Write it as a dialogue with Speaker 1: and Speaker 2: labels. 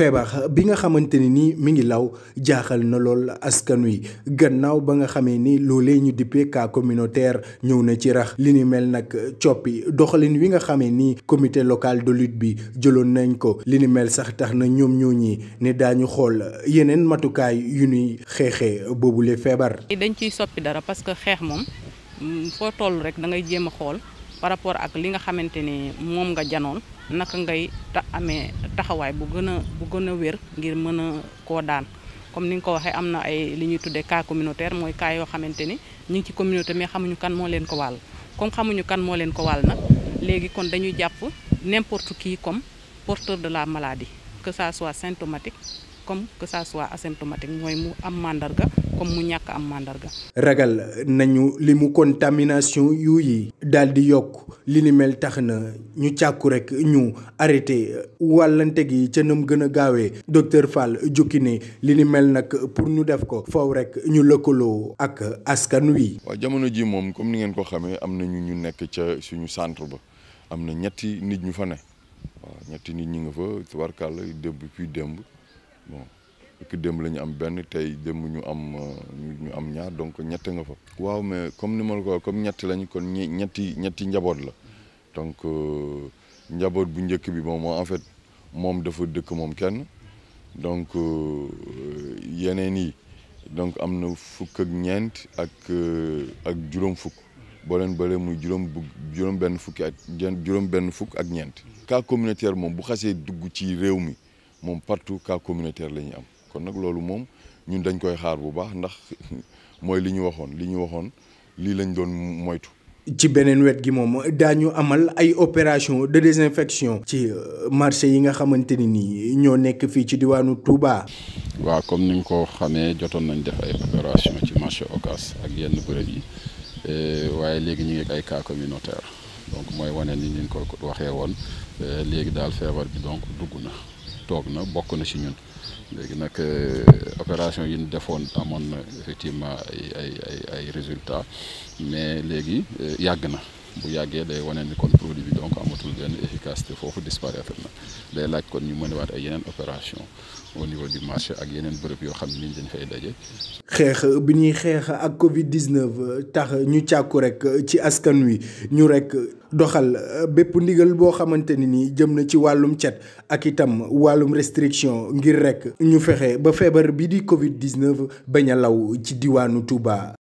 Speaker 1: feebar bi nga xamante ne ni mi ngi law jaaxal na lool askan wi gannaaw ba nga xamee ni loolee ñu dippee cas communautaire ñëw na ci rax li ni mel nag coppi doxalin wi nga xamee ni comité local de lutte bi jëloon nañ ko li ni mel sax tax na ñoom ñoo ñi ne daañu xool yeneen matukaay yu nuy xeexee boobule feebar.
Speaker 2: dañ ciy soppi dara parce que xeex moom mm, foo toll rek da ngay xool. par rapport ak li nga xamante ne moom nga janoon naka ngay ta amee taxawaay bu gën a bu gën a wér ngir mën a koo daan comme ni nga ko waxee am na ay li ñuy tudde cas communautaire mooy cas yoo xamante ni ñu ci communauté mais xamuñu kan moo leen ko wàll comme xamuñu kan moo leen ko wàll nag léegi kon dañuy jàpp n'importe qui comme porteur de la maladie que ça soit symptomatique comme que ça soit asymptomatique mooy mu am màndarga comme mu ñàkk am màndarga.
Speaker 1: ragal nañu limu mu contamination yu yi daal di yokk li ni mel tax na ñu càkku rek ñu arrêté wàllante gi ca nam gën a gaawee docteur Fall jukki ne li ni mel nag pour ñu def ko faw rek ñu lëkkaloo ak
Speaker 3: askan wi. waaw jamono ji moom comme ni ngeen ko xamee am na ñu ñu nekk ca suñu centre ba am na ñetti nit ñu fa ne waaw ñetti nit ñi nga fa tubarkàlla depuis démb bon. ki démb la ñu am benn tey démb ñu am euh, ñu am ñaar donc ñett nga fa. waaw mais comme ni mal la ko comme ñett lañ kon ñi ñetti ñetti njaboot la donc euh, njaboot bu njëkk bi moom en fait moom dafa dëkk moom kenn donc euh, yeneen yi donc am na fukk ak ñeent ak ak juróom fukk boo leen bële muy juróom bu juróom benn fukki ak juróom benn fukk ak ñeent. ka communautaire moom bu xasee dugg ci réew mi moom partout cas communautaire la ñuy am. kon nag loolu moom ñun dañ koy xaar bu baax ndax mooy li ñu waxoon li ñu waxoon lii lañ doon moytu.
Speaker 1: ci beneen wet gi moom daañu amal ay opération de désinfection. ci euh, marché yi nga xamante ni nii ñoo nekk fii ci diwaanu Touba.
Speaker 4: waaw comme ni nga ko xamee jotoon nañ def ay opération ci marché Ocass ak yenn bërëb yi euh, waaye léegi ñu ngi ay cas communautaire donc mooy wane ni ñu ko waxee woon euh, léegi daal feebar bi donc dugg na. toog na bokk na ci ñun léegi nag euh, opération yi ñu defoon amoon na effectivement ay ay ay résultats mais léegi euh, yàgg na bu yàggee day wane ni kon produit bi donc amatul benn efficacité foofu disparaître na day laaj kon ñu mënewaat ay yeneen opération au niveau du marché ak yeneen bërëb yoo xam ne ni dañ fay daje.
Speaker 1: xeex bi ñuy xeex ak Covid 19 tax ñu càkku rek ci askan wi ñu rek doxal bépp ndigal boo xamante ni jëm na ci wàllum cet ak itam wàllum restriction ngir rek ñu fexe ba feebar bi di Covid 19 bañ a law ci diwaanu Touba.